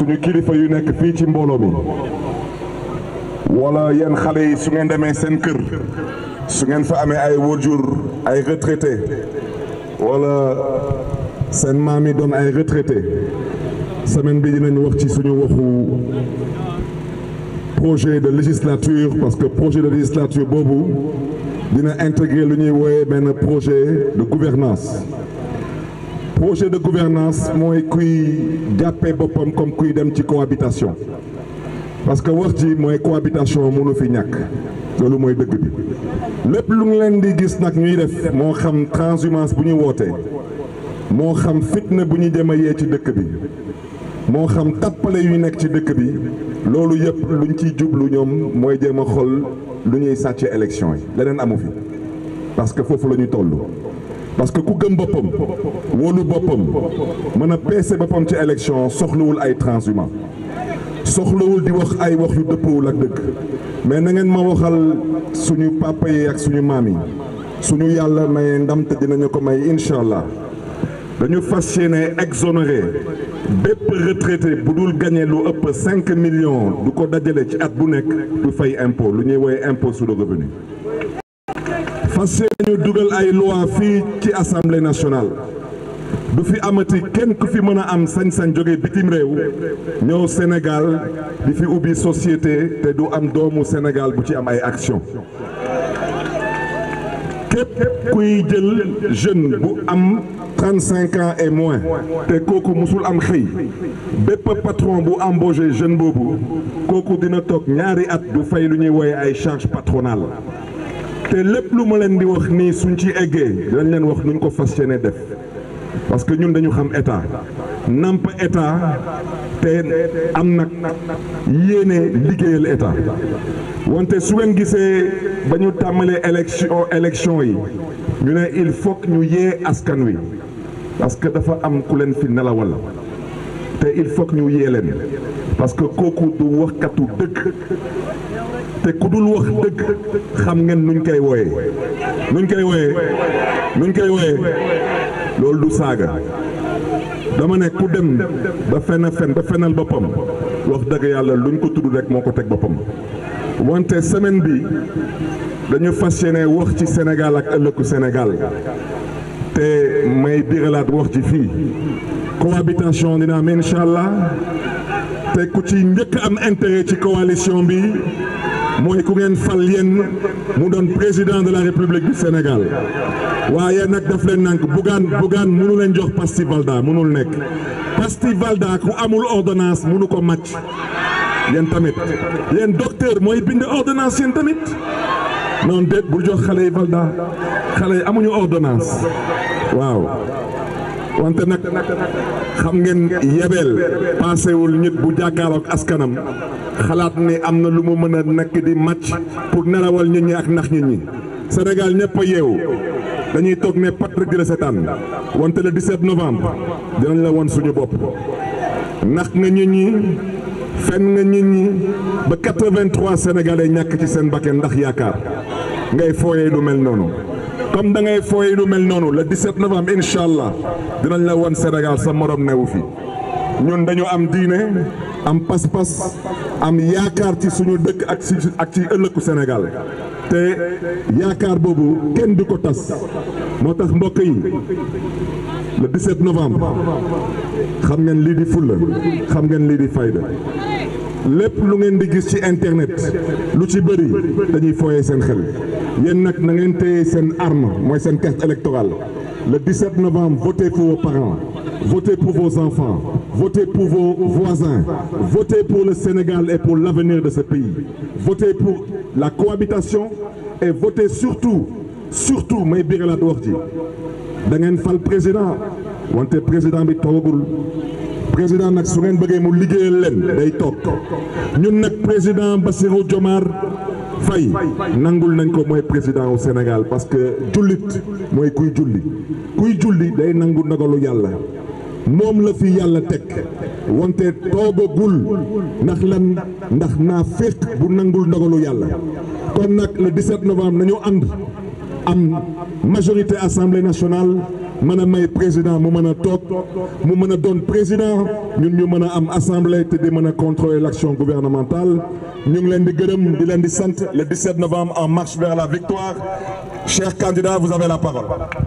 suñu kilifa yu nekk fii ci mbooloo mi wala yenn xale yi su ngeen demee seen kër su ngeen fa amee ay waajur ay retraité wala seen maam yi doon ay retraité semaine bi dinañ wax ci suñu waxu projet de législature parce que projet de législature boobu dina intégrer lu ñuy wooyee benn projet de gouvernance projet de gouvernance mooy kuy jàppee boppam comme kuy dem ci cohabitation parce que wax ji mooy cohabitation mënu fi ñàkk loolu mooy dëgg bi lépp lu ngi leen di gis nag ñuy def moo xam transhumance bu ñu wootee moo xam fitna bu ñu jëm a yee ci dëkk bi moo xam tappale yu nekk ci dëkk bi loolu yëpp luñ ciy jublu ñoom mooy jéem a xool lu ñuy sàcce élection yi leneen amu fi parce que foofu la ñu toll parce que ku gëm boppam wóolu boppam mën a peese boppam ci élection soxlawul ay transhumants soxlawul di wax ay wax yu dëppawul ak dëgg mais na ngeen ma waxal suñu papa yi ak suñu maam yi suñu yàlla may ndam te dinañu ko may incha allah dañu fas yéene exonéré bépp retraité bu dul gagné lu ëpp cinq millions du ko dajale ci at bu nekk du fay impôt lu ñuy woowee impôt sur le revenu fas yéene dugal ay loi fii ci assemblée nationale du fi amati kenn ku fi mën a am sañ-sañ jóge bitim réew ñëw Sénégal di fi ubbi société te du am doomu Sénégal bu ci am ay action képp kuy jël jeune bu am trente cinq ans et moins te kooku musul am xëy bépp patron bu embauché jeune boobu kooku dina toog ñaari at du fay lu ñuy woye ay charge patronale te lépp lu ma leen di wax nii suñ ci eggee dañ leen wax nuñ ko fas yéene def parce que ñun dañu xam état namp état te am nag yéene liggéeyal état wante su leen gisee ba ñu tàmbalee élection élection yi ñu ne il faut ñu yee askan wi parce que dafa am ku leen fi nelawal te il faut que ñu yee leen parce que kooku du waxkatu dëkk te ku dul wax dëgg xam ngeen nuñ koy wooyee nuñ koy wooyee nuñ koy wooyee loolu du saaga dama nekk ku dem ba fen fen ba fenal boppam wax dëgg yàlla luñ ko tudd rek moo ko teg boppam wante semaine bi dañu fas yéene wax ci Sénégal ak ëllëgu Sénégal te may biralaat wax ci fii cohabitation dina am incha allah te ku ci njëkk am intérêt ci coalition bi mooy ku ngeen fal yéen mu doon président de la république du Sénégal waaye nag daf leen nank bugaan bugaan mënu leen jox pasti valda mënul nekk pasti valda ku amul ordonnance mënu ko màcc yéen tamit yéen docteur mooy bind ordonnance yéen tamit non déet bul jox xale yi valda xale yi amuñu ordonnance waaw wante nag xam ngeen yebeel paasewul nit bu jàkkaarook askanam xalaat ne am na lu mu mën a nekk di match pour nelawal nit ñi ak nax nit ñi Sénégal ñëpp a yeewu dañuy toog ne patrik di la seetaan wante le 17 novembre dinañ la woon suñu bopp nax nga nit ñi fen nga nit ñi ba 83 sénégalais ñàkk ci seen bakken ndax yaakaar ngay fooyee lu mel noonu comme da ngay fooyee lu mel noonu la di 17 novembre incha allah dinañ la woon Sénégal sa moroom newu fi ñun dañu am diine am pas-pas am yaakaar ci suñu dëkk ak ci ak ci ëllëgu Sénégal te yaakaar boobu kenn di ko tas moo tax mbokk yi le 17 novembre xam ngeen lii di fulla xam ngeen lii di fayda lépp lu ngeen di gis ci internet lu ci bëri dañuy fooyee seen xel yéen nag na ngeen téye seen arme mooy seen carte électorale le 17 novembre votez pour vos parents votez pour vos enfants Votez pour vos voisins. Votez pour le Sénégal et pour l'avenir de ce pays. Votez pour la cohabitation et votez surtout surtout may biral at wax ji da ngeen fal président wante président bi toogagul président nag su ngeen bëggee mu liggéeyal leen day toog ñun nag président Bassirou Diomaye fay nangul nañ ko mooy président wu Sénégal parce que jullit mooy kuy julli kuy julli day nangu ndogalu yàlla moom la fi yàlla teg wante toogagul ndax lan ndax naa féq bu nangul ndogalu yàlla kon nag le 17 novembre nañoo ànd am majorité assemblée nationale mën a may président mu mën a toog mu mën a doon président ñun ñu mën a am assemblée te di mën a contrôler l'action gouvernementale ñu ngi leen di gërëm di leen di sant le 17 novembre en marche vers la victoire chers candidats vous avez la parole